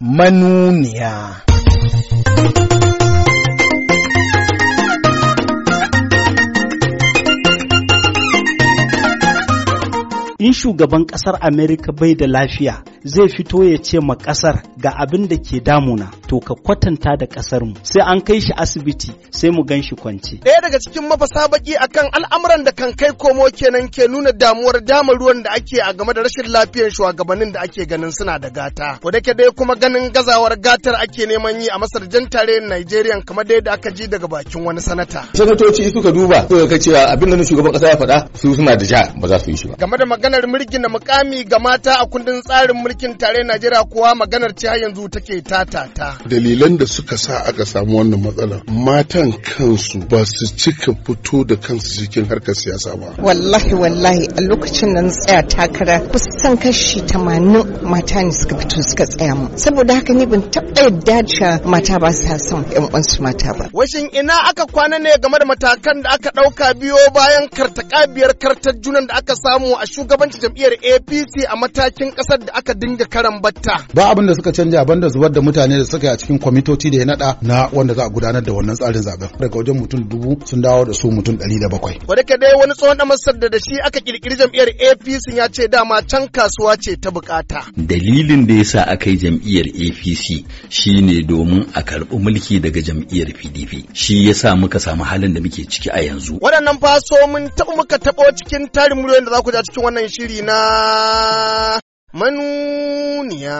manuniya. In shugaban ƙasar Amerika bai da lafiya, zai fito ya ce ma ƙasar ga abin da ke damuna to ka kwatanta da ƙasar mu sai an kai shi asibiti sai mu gan shi kwance. Ɗaya daga cikin mafasa baki akan al'amuran da kan kai komo kenan ke nuna damuwar dama ruwan da ake a game da rashin lafiyar shugabannin da ake ganin suna da gata. Ko da dai kuma ganin gazawar gatar ake neman yi a Masar jan tarayyar Najeriya kamar dai da aka ji daga bakin wani sanata. Sanatoci suka duba suka ka cewa abin da na shugaban ƙasa ya faɗa su suna da ja ba za su yi shi ba. Game da maganar mulki na mukami ga mata a kundin tsarin mulki mulkin tare Najeriya kuwa maganar ce yanzu take ta-ta-ta. Dalilan da suka sa aka samu wannan matsala matan kansu ba su cika fito da kansu cikin harkar siyasa ba. Wallahi wallahi a lokacin nan tsaya takara kusan kashi tamanin mata ne suka fito suka tsaya mu. Saboda haka ni ban taɓa yadda cewa mata ba sa son ƴan uwansu mata ba. Washin ina aka kwana ne game da matakan da aka ɗauka biyo bayan kartakabiyar kartar junan da aka samu a shugabancin jam'iyyar APC a matakin ƙasar da aka dinga karan batta ba abin da suka canja banda zubar da mutane da suka yi a cikin kwamitoci da ya nada na wanda za a gudanar da wannan tsarin zaben daga wajen mutum dubu sun dawo da su mutum ɗari da bakwai wadda ka dai wani tsohon masar da da shi aka kirkiri jam'iyyar apc ya ce dama can kasuwa ce ta bukata dalilin da yasa aka yi jam'iyyar apc shi shine domin a karɓi mulki daga jam'iyyar pdp shi yasa muka samu halin da muke ciki a yanzu waɗannan faso mun taɓa muka taɓo cikin tarin muryoyin da za ku ja cikin wannan shiri na manuniya.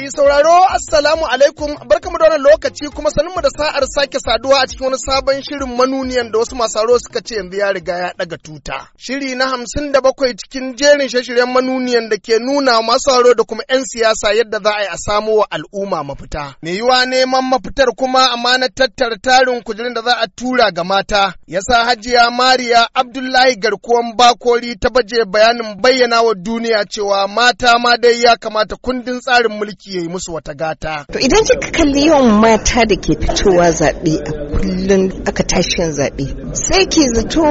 Mai sauraro Assalamu alaikum barkamu da wannan lokaci kuma sanin mu da sa'ar sake saduwa a cikin wani sabon shirin manuniyan da wasu masu aro suka ce yanzu ya riga ya daga tuta. Shiri na hamsin da bakwai cikin jerin shashiren manuniyan da ke nuna masu haro da kuma 'yan siyasa yadda za a yi a samo wa al'umma mafita. Me yiwa neman mafitar kuma na tattara tarin kujerun da za a tura ga mata. Yasa Hajiya Mariya Abdullahi garkuwan bakori ta baje bayanin bayyana wa duniya cewa mata ma dai ya kamata kundin tsarin mulki ki yi musu wata gata. To idan kika kalli yawan mata da ke fitowa zaɓe a kullum aka tashi yin zaɓe. Sai ke zato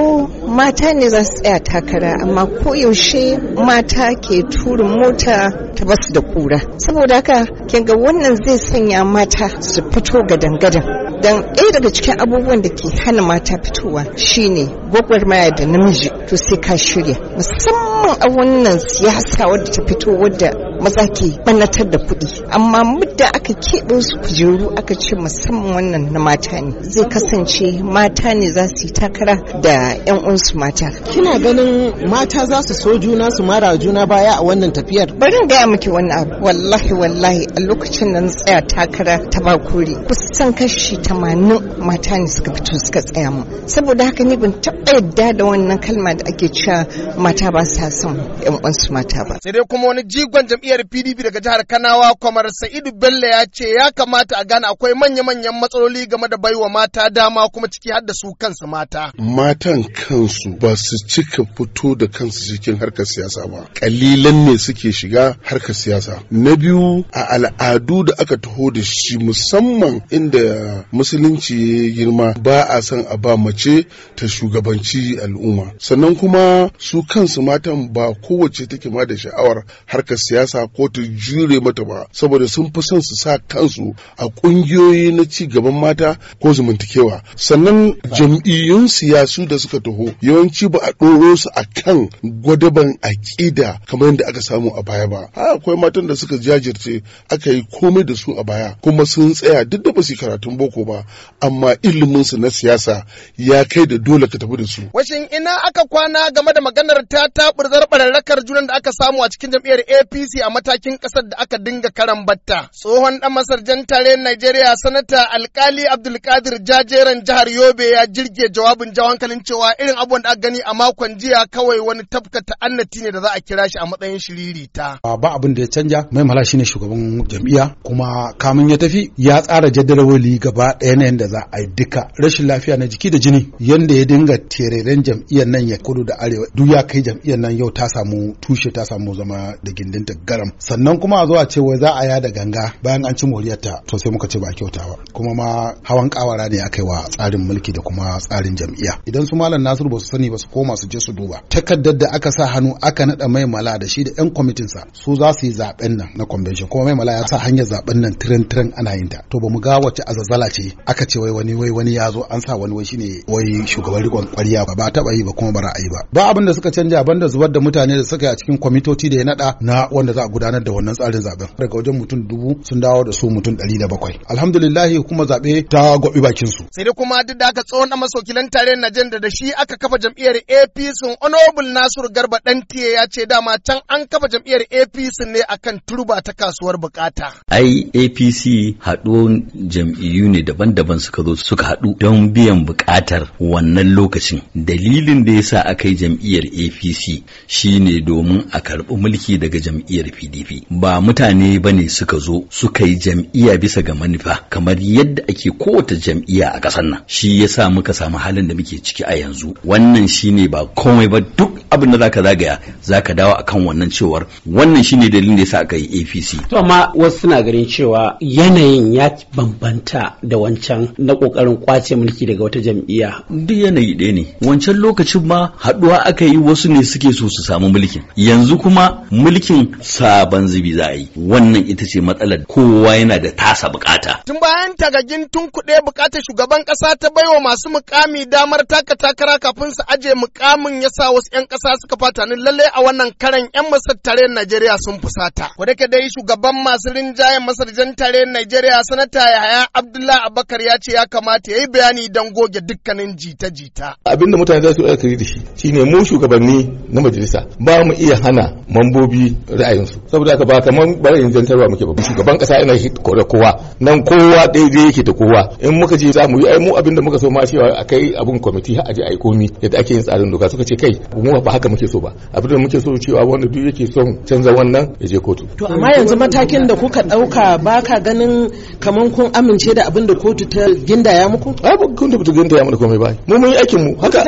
mata ne za su tsaya takara amma ko yaushe mata ke turin mota ta basu da kura. Saboda haka kin ga wannan zai sanya mata su fito gadan-gadan. dan ɗaya daga cikin abubuwan da ke hana mata fitowa shine gwagwarmaya da namiji to sai ka shirya musamman a wannan siyasa wadda ta fito wadda maza ke ɓannatar da kuɗi amma muddin aka keɓe su kujeru aka ce musamman wannan na mata ne zai kasance mata ne za su yi takara da 'yan uwansu mata kina ganin mata za su so juna su mara juna baya a wannan tafiyar Barin gaya miki wani abu wallahi wallahi a lokacin da na tsaya takara ta bakuri kusan kashi tamanin mata ne suka fito suka tsaya mu saboda haka ni ban taɓa yadda da wannan kalma da ake cewa mata ba sa son 'yan uwansu mata ba sai dai kuma wani jigon jam'iyyar jam'iyyar PDP daga jihar Kanawa Kwamar Sa'idu Bello ya ce ya kamata a gane akwai manya-manyan matsaloli game da baiwa mata dama kuma ciki har da su kansu mata. Matan kansu ba su cika fito da kansu cikin harkar siyasa ba. Kalilan ne suke shiga harkar siyasa. Na biyu a al'adu da aka taho da shi musamman inda musulunci ya girma ba a son a ba mace ta shugabanci al'umma. Sannan kuma su kansu matan ba kowace take ma da sha'awar harkar siyasa ko ta jure mata ba saboda sun fi son su sa kansu a kungiyoyi na ci gaban mata ko zumuntakewa sannan jam'iyyun siyasu da suka taho yawanci ba a ɗoro su a kan gwadaban aƙida kamar yadda aka samu a baya ba a akwai matan da suka jajirce aka yi komai da su a baya kuma sun tsaya duk da ba su karatun boko ba amma ilimin su na siyasa ya kai da dole ka tafi da su washin ina aka kwana game da maganar ta taɓurzar ɓararrakar junan da aka samu a cikin jam'iyyar APC a matakin ƙasar da aka dinga karan batta. Tsohon ɗan Masar jan tare Najeriya sanata alkali Abdulkadir jajeren jihar Yobe ya jirge jawabin jawankalin cewa irin abubuwan da aka gani a makon jiya kawai wani tafka ta'annati ne da za a kira shi a matsayin ta Ba abin da ya canja mai mala shi ne shugaban jam'iyya kuma kamun ya tafi ya tsara jadawali gaba ɗaya na yadda za a yi duka rashin lafiya na jiki da jini yadda ya dinga tereren jam'iyyar nan ya kudu da arewa duk ya kai jam'iyyar nan yau ta samu tushe ta samu zama da gindinta karam sannan kuma a zo a ce wai za a ya da ganga bayan an ci moriyarta to sai muka ce ba kyauta ba kuma ma hawan kawara ne aka yi wa tsarin mulki da kuma tsarin jam'iyya idan su malam nasiru ba su sani ba su koma su je su duba takardar da aka sa hannu aka nada mai mala da shi da yan kwamitin sa su za su yi zaben nan na convention kuma mai mala ya sa hanyar zaben nan tren tiren ana yin ta to ba mu ga wace azazzala ce aka ce wai wani wai wani ya zo an sa wani wai shine wai shugaban rikon kwariya ba ba taba yi ba kuma ba ra'ayi ba ba abin da suka canja banda zubar da mutane da suka yi a cikin kwamitoci da ya nada na wanda za a gudanar da wannan tsarin zaben daga wajen mutum dubu sun dawo da su mutum ɗari da bakwai alhamdulillah kuma zaɓe ta gwabi bakin su sai dai kuma duk da aka tsohon a masokilan tarayyar najeriya da shi aka kafa jam'iyyar apc honorable nasiru garba tiye ya ce dama can an kafa jam'iyyar apc ne akan turba ta kasuwar bukata ai apc haɗuwan jam'iyyu ne daban-daban suka zo suka haɗu don biyan bukatar wannan lokacin dalilin da yasa aka yi jam'iyyar apc shine domin a karɓi mulki daga jam'iyyar PDP ba mutane ba ne suka zo suka yi jam'iyya bisa ga manufa kamar yadda ake kowace jam'iyya a ƙasar nan shi yasa muka samu halin da muke ciki a yanzu wannan shine ba komai ba duk abin da zaka zagaya zaka dawo akan wannan cewar wannan shine dalilin da yasa aka yi APC to amma wasu suna ganin cewa yanayin ya bambanta da wancan na kokarin kwace mulki daga wata jam'iyya duk yanayi ɗaya ne wancan lokacin ma haɗuwa aka yi wasu ne suke so su samu mulkin yanzu kuma mulkin sa sabon zubi za a yi wannan ita ce matsalar kowa yana da tasa bukata tun bayan tagagin tun kuɗe bukatar shugaban ƙasa ta baiwa masu mukami damar taka takara kafin su aje mukamin sa wasu 'yan ƙasa suka fata ni lallai a wannan karan 'yan masar tare Najeriya sun fusata ko dake dai shugaban masu rinjayen masar jan tare Najeriya sanata Yahaya Abdullahi Abakar ya ce ya kamata ya yi bayani don goge dukkanin jita-jita abinda mutane za su yi da shi shine mu shugabanni na majalisa ba mu iya hana mambobi ra'ayinsu su saboda haka ba kaman bari in zantarwa muke ba shugaban kasa ina shi kore kowa nan kowa daidai yake da kowa in muka je za mu yi ai mu abinda muka so ma cewa akai abun kwamiti har aje ai komi yadda ake yin tsarin doka suka ce kai mu ba haka muke so ba abinda muke so cewa wanda duk yake son canza wannan ya je kotu to amma yanzu matakin da kuka dauka ba ka ganin kaman kun amince da abinda kotu ta gindaya muku ai ba kun ta gindaya mana komai ba mu mun yi aikin mu haka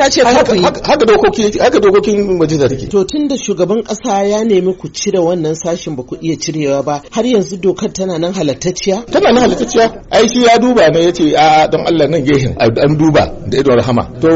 haka dokoki haka dokokin majalisa take to tunda shugaban kasa ya nemi ku cire wannan sashin ba ku iya cirewa ba har yanzu dokar tana nan halattacciya tana nan halattacciya ai shi ya duba ne yace a don Allah nan gehen an duba da idon rahama to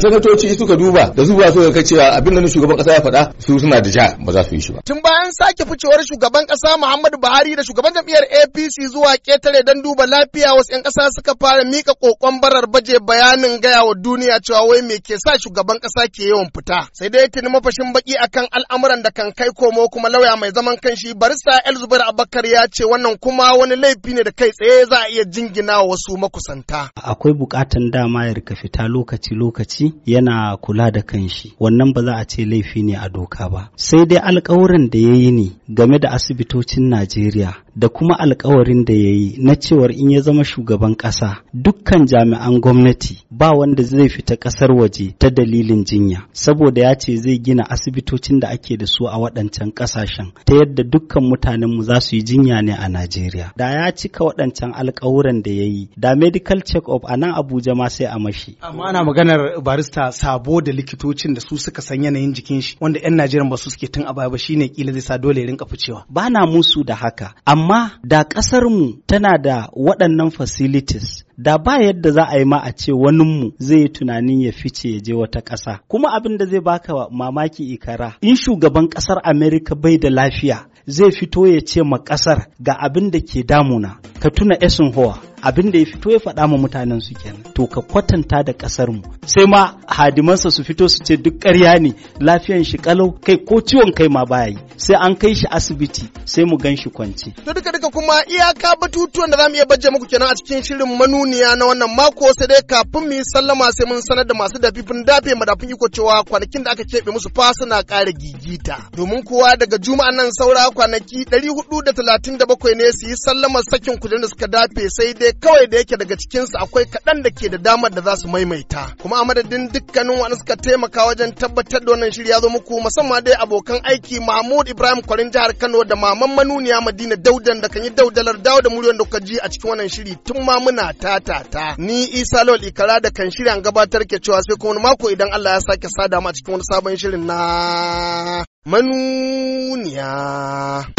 sanatoci suka duba da zuwa su ga cewa abin da shugaban kasa ya faɗa su suna da ja ba za su yi shi ba tun bayan sake ficewar shugaban kasa Muhammadu Buhari da shugaban jam'iyyar APC zuwa ketare don duba lafiya wasu 'yan kasa suka fara mika kokon barar baje bayanin gaya wa duniya cewa wai me ke sa shugaban kasa ke yawan fita sai dai tuni mafashin baki akan al'amuran da kan kai komo kuma lauya mai zaman kanshi barista El Zubair Abakar ya ce wannan kuma wani laifi ne da kai tsaye za a iya jingina wasu makusanta. Akwai bukatan dama ya rika fita lokaci-lokaci yana kula da kanshi wannan ba za a ce laifi ne a doka ba. Sai dai alkawuran da ya yi ne game da asibitocin Najeriya da kuma alkawarin da ya yi na cewar in ya zama shugaban ƙasa dukkan jami'an gwamnati ba wanda zai fita ƙasar waje ta dalilin jinya saboda ya ce zai gina asibitocin da ake da su a waɗancan ƙasashen ta yadda dukkan mutanenmu za su yi jinya ne a Najeriya. Da ya cika waɗancan alƙawuran da ya yi, da medical check-up a nan Abuja ma sai a mashi. Amma ana maganar barista sabo da likitocin da su suka san yanayin jikin shi wanda 'yan Najeriya ba su suke tun a baya ba shine kila zai sa dole ya rinka ficewa. Ba na musu da haka, amma da mu tana da waɗannan facilities da ba yadda za a yi ma a ce waninmu zai yi tunanin ya fice ya je wata ƙasa. Kuma abin da zai baka mamaki ikara, in shugaban ƙasar Amerika bai da lafiya lafiya zai fito ya ce ma ƙasar ga abin da ke damuna ka tuna esin howa abin da ya fito ya faɗa ma mutanen su kenan to ka kwatanta da ƙasar mu sai ma hadimansa su fito su ce duk ƙarya ne lafiyan shi kalau kai ko ciwon kai ma baya yi sai an kai shi asibiti sai mu gan shi kwance to duka duka kuma iyaka batutuwan da zamu iya bajje muku kenan a cikin shirin manuniya na wannan mako sai dai kafin mu sallama sai mun sanar da masu dafifin dafe madafin iko cewa kwanakin da aka keɓe musu fa na ƙara gigita domin kowa daga juma'an nan saura kwanaki 437 ne su yi sallamar sakin kudin da suka dafe sai dai ne kawai da yake daga cikinsu akwai kaɗan da ke da damar da za su maimaita. Kuma a madadin dukkanin wani suka taimaka wajen tabbatar da wannan shirya zo muku musamman dai abokan aiki Mahmud Ibrahim Kwarin jihar Kano da Maman Manuniya Madina Daudan da kan yi daudalar dawo da muryar da kuka ji a cikin wannan shiri tun ma muna ta ta ta. Ni Isa lol Ikara da kan shirya gabatar ke cewa sai kuma wani mako idan Allah ya sake sada ma a cikin wani sabon shirin na manuniya.